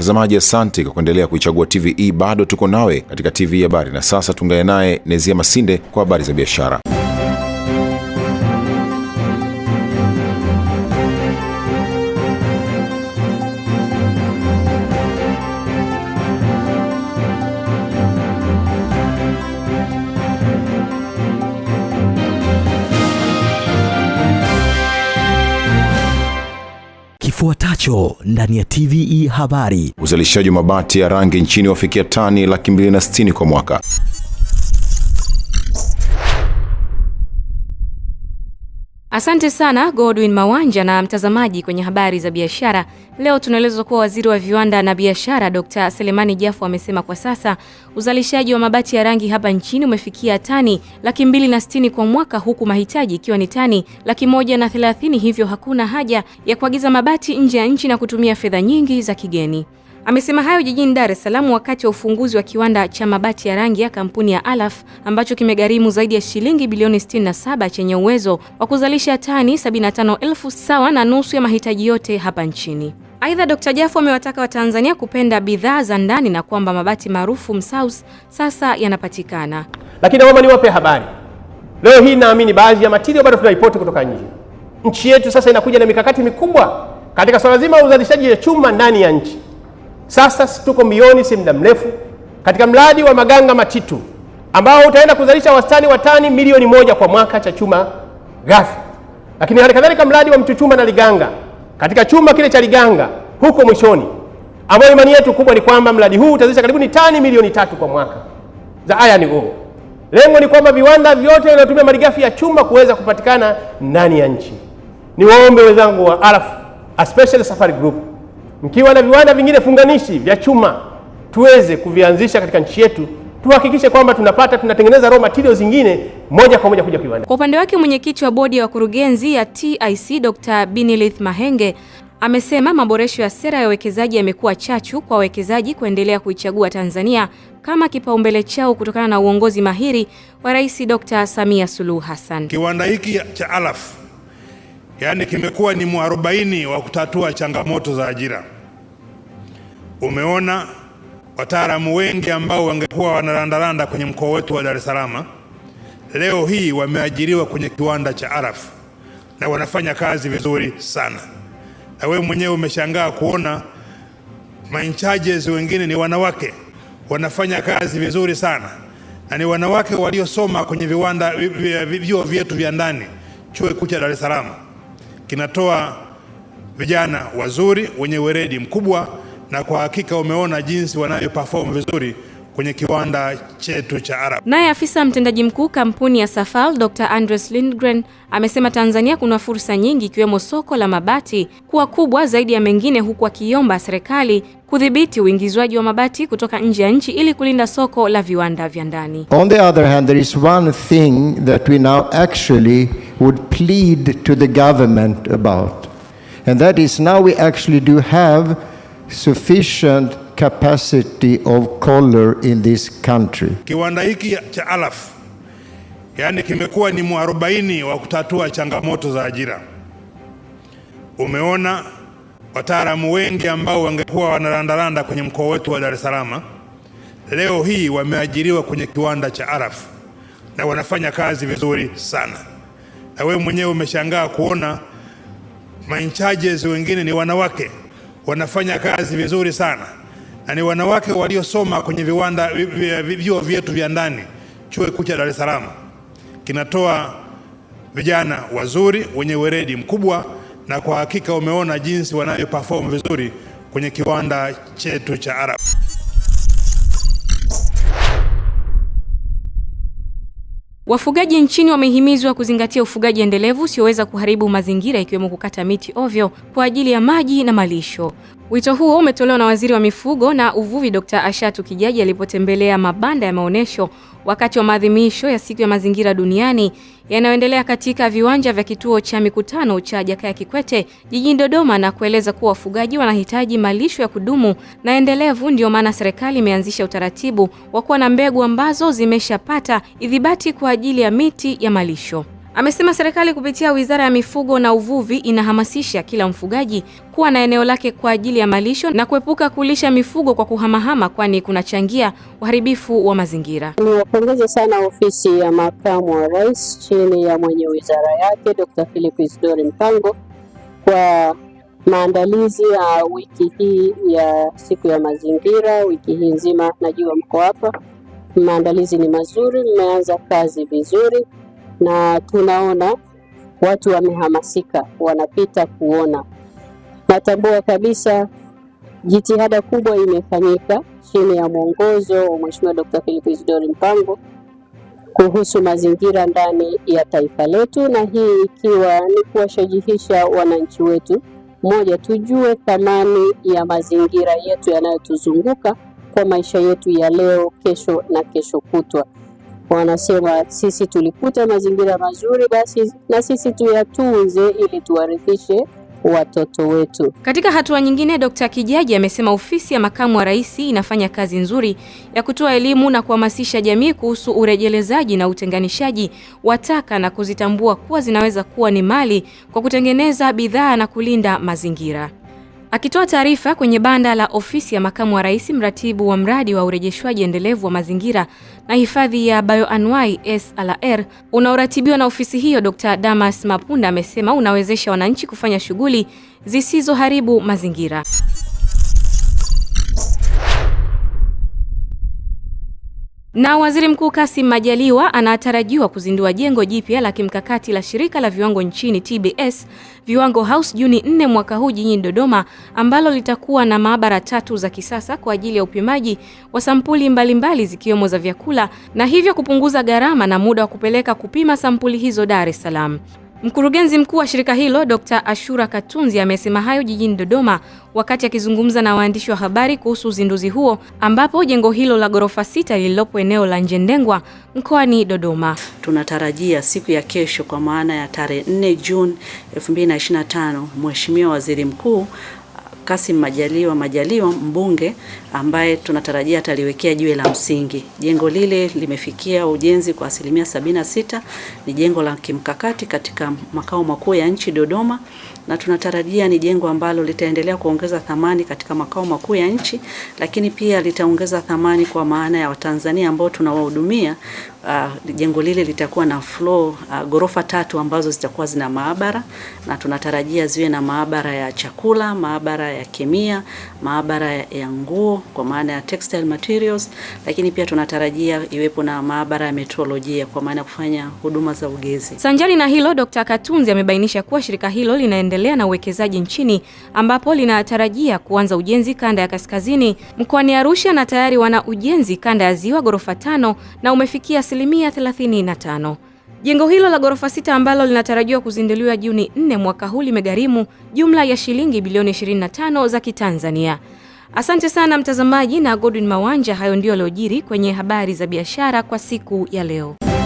Mtazamaji, asante kwa kuendelea kuichagua TVE. Bado tuko nawe katika TV e Habari, na sasa tuungane naye Nezia Masinde kwa habari za biashara. macho ndani ya TVE Habari. Uzalishaji wa mabati ya rangi nchini wafikia tani laki mbili na sitini kwa mwaka. Asante sana Godwin Mawanja na mtazamaji kwenye habari za biashara. Leo tunaelezwa kuwa waziri wa viwanda na biashara Dr. Selemani Jafo amesema kwa sasa uzalishaji wa mabati ya rangi hapa nchini umefikia tani laki mbili na sitini kwa mwaka huku mahitaji ikiwa ni tani laki moja na thelathini, hivyo hakuna haja ya kuagiza mabati nje ya nchi na kutumia fedha nyingi za kigeni. Amesema hayo jijini Dar es Salaam wakati wa ufunguzi wa kiwanda cha mabati ya rangi ya kampuni ya Alaf ambacho kimegharimu zaidi ya shilingi bilioni 67 chenye uwezo wa kuzalisha tani 75,000 sawa na nusu ya mahitaji yote hapa nchini. Aidha, Dr. Jafo amewataka Watanzania kupenda bidhaa za ndani na kwamba mabati maarufu Msaus sasa yanapatikana. Lakini naomba niwape habari leo hii, naamini baadhi ya matirio bado tunaipoti kutoka nje. Nchi yetu sasa inakuja na mikakati mikubwa katika swala zima la uzalishaji ya chuma ndani ya nchi. Sasa tuko mioni si muda mrefu katika mradi wa Maganga Matitu ambao utaenda kuzalisha wastani wa tani milioni moja kwa mwaka cha chuma ghafi, lakini hali kadhalika mradi wa Mchuchuma na Liganga katika chuma kile cha Liganga huko mwishoni, ambayo imani yetu kubwa ni kwamba mradi huu utazalisha karibu ni tani milioni tatu kwa mwaka za iron ore. Lengo ni kwamba viwanda vyote vinatumia malighafi ya chuma kuweza kupatikana ndani ya nchi. Niwaombe wenzangu wa Arafu, especially Safari Group mkiwa na viwanda vingine funganishi vya chuma tuweze kuvianzisha katika nchi yetu tuhakikishe kwamba tunapata tunatengeneza raw materials zingine moja kwa moja kuja kiwanda. Kwa upande wake mwenyekiti wa bodi ya wakurugenzi ya TIC Dr. Binilith Mahenge amesema maboresho ya sera ya uwekezaji yamekuwa chachu kwa wawekezaji kuendelea kuichagua Tanzania kama kipaumbele chao kutokana na uongozi mahiri wa Rais Dr. Samia Suluhu Hassan. Kiwanda hiki cha Alaf yaani kimekuwa ni mwarobaini wa kutatua changamoto za ajira. Umeona wataalamu wengi ambao wangekuwa wanarandaranda kwenye mkoa wetu wa Dar es Salaam leo hii wameajiriwa kwenye kiwanda cha Araf na wanafanya kazi vizuri sana, na wewe mwenyewe umeshangaa kuona manchages wengine ni wanawake, wanafanya kazi vizuri sana na ni wanawake waliosoma kwenye viwanda vyuo vyetu vya ndani, chuo kikuu cha Dar es Salaam kinatoa vijana wazuri wenye weredi mkubwa, na kwa hakika umeona jinsi wanavyo perform vizuri kwenye kiwanda chetu cha Arab. Naye afisa mtendaji mkuu kampuni ya Safal Dr. Andres Lindgren amesema Tanzania kuna fursa nyingi ikiwemo soko la mabati kuwa kubwa zaidi ya mengine, huku akiomba serikali kudhibiti uingizwaji wa mabati kutoka nje ya nchi ili kulinda soko la viwanda vya ndani. On the other hand, there is one thing that we now actually would plead to the government about. And that is now we actually do have sufficient capacity of color in this country. Kiwanda hiki cha Alaf yani kimekuwa ni mwarobaini wa kutatua changamoto za ajira. Umeona wataalamu wengi ambao wangekuwa wanarandaranda kwenye mkoa wetu wa Dar es Salaam leo hii wameajiriwa kwenye kiwanda cha Alaf na wanafanya kazi vizuri sana, na wewe mwenyewe umeshangaa kuona charges wengine ni wanawake wanafanya kazi vizuri sana na ni wanawake waliosoma kwenye viwanda vyuo vyetu vya ndani. Chuo Kikuu cha Dar es Salaam kinatoa vijana wazuri wenye weredi mkubwa, na kwa hakika umeona jinsi wanavyo perform vizuri kwenye kiwanda chetu cha Arab. Wafugaji nchini wamehimizwa kuzingatia ufugaji endelevu usioweza kuharibu mazingira ikiwemo kukata miti ovyo kwa ajili ya maji na malisho. Wito huo umetolewa na Waziri wa Mifugo na Uvuvi Dkt. Ashatu Kijaji alipotembelea mabanda ya maonesho wakati wa maadhimisho ya siku ya mazingira duniani yanayoendelea katika viwanja vya kituo cha mikutano cha Jakaya Kikwete jijini Dodoma, na kueleza kuwa wafugaji wanahitaji malisho ya kudumu na endelevu. Ndiyo maana serikali imeanzisha utaratibu wa kuwa na mbegu ambazo zimeshapata idhibati kwa ajili ya miti ya malisho. Amesema serikali kupitia Wizara ya Mifugo na Uvuvi inahamasisha kila mfugaji kuwa na eneo lake kwa ajili ya malisho na kuepuka kulisha mifugo kwa kuhamahama kwani kunachangia uharibifu wa mazingira. Niwapongeze sana ofisi ya makamu wa rais chini ya mwenye wizara yake Dr. Philip Isdori Mpango kwa maandalizi ya wiki hii ya siku ya mazingira. Wiki hii nzima najua mko hapa, maandalizi ni mazuri, mmeanza kazi vizuri na tunaona watu wamehamasika, wanapita kuona. Natambua kabisa jitihada kubwa imefanyika chini ya mwongozo wa Mheshimiwa Dkt. Philip Isidori Mpango kuhusu mazingira ndani ya taifa letu, na hii ikiwa ni kuwashajihisha wananchi wetu, moja, tujue thamani ya mazingira yetu yanayotuzunguka kwa maisha yetu ya leo, kesho na kesho kutwa wanasema sisi tulikuta mazingira mazuri, basi na sisi tuyatunze ili tuwarithishe watoto wetu. Katika hatua nyingine, Dkt. Kijaji amesema ofisi ya makamu wa rais inafanya kazi nzuri ya kutoa elimu na kuhamasisha jamii kuhusu urejelezaji na utenganishaji wa taka na kuzitambua kuwa zinaweza kuwa ni mali kwa kutengeneza bidhaa na kulinda mazingira. Akitoa taarifa kwenye banda la ofisi ya makamu wa rais, mratibu wa mradi wa urejeshwaji endelevu wa mazingira na hifadhi ya bioanuai slr unaoratibiwa na ofisi hiyo, Dr. Damas Mapunda amesema unawezesha wananchi kufanya shughuli zisizoharibu mazingira. Na Waziri Mkuu Kassim Majaliwa anatarajiwa kuzindua jengo jipya la kimkakati la shirika la viwango nchini TBS Viwango House Juni 4 mwaka huu jijini Dodoma, ambalo litakuwa na maabara tatu za kisasa kwa ajili ya upimaji wa sampuli mbalimbali zikiwemo za vyakula na hivyo kupunguza gharama na muda wa kupeleka kupima sampuli hizo Dar es Salaam. Mkurugenzi mkuu wa shirika hilo Dr. Ashura Katunzi amesema hayo jijini Dodoma wakati akizungumza na waandishi wa habari kuhusu uzinduzi huo ambapo jengo hilo la ghorofa sita lililopo eneo la Njendengwa mkoani Dodoma. Tunatarajia siku ya kesho kwa maana ya tarehe 4 Juni 2025 Mheshimiwa Waziri Mkuu Kassim Majaliwa Majaliwa, mbunge ambaye tunatarajia ataliwekea jiwe la msingi. Jengo lile limefikia ujenzi kwa asilimia sabini na sita. Ni jengo la kimkakati katika makao makuu ya nchi Dodoma, na tunatarajia ni jengo ambalo litaendelea kuongeza thamani katika makao makuu ya nchi, lakini pia litaongeza thamani kwa maana ya Watanzania ambao tunawahudumia Uh, jengo lile litakuwa na floor uh, ah, ghorofa tatu ambazo zitakuwa zina maabara na tunatarajia ziwe na maabara ya chakula, maabara ya kemia, maabara ya nguo kwa maana ya textile materials, lakini pia tunatarajia iwepo na maabara ya metrolojia kwa maana ya kufanya huduma za ugezi. Sanjari na hilo, Dr. Katunzi amebainisha kuwa shirika hilo linaendelea na uwekezaji nchini ambapo linatarajia kuanza ujenzi kanda ya kaskazini mkoani Arusha na tayari wana ujenzi kanda ya Ziwa ghorofa tano na umefikia asilimia 35. Jengo hilo la ghorofa sita ambalo linatarajiwa kuzinduliwa Juni 4 mwaka huu limegharimu jumla ya shilingi bilioni 25 za Kitanzania. Asante sana mtazamaji na Godwin Mawanja, hayo ndio yaliyojiri kwenye habari za biashara kwa siku ya leo.